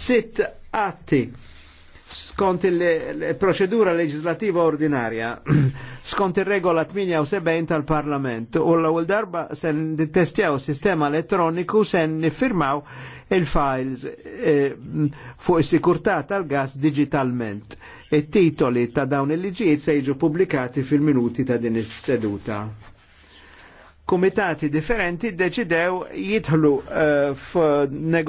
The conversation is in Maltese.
sitt atti skont il-proċedura leġislativa ordinarja, skont il-regola 78 tal-Parlament, u l-ewwel darba sen testjaw sistema elettroniku sen nifirmaw il-files eh, fuq is-sikurtà tal-gas digitalment. It-titoli ta' dawn il-liġijiet se jiġu publikati fil-minuti ta' din is-seduta. Komitati differenti deċidew jidħlu eh, f'negozjati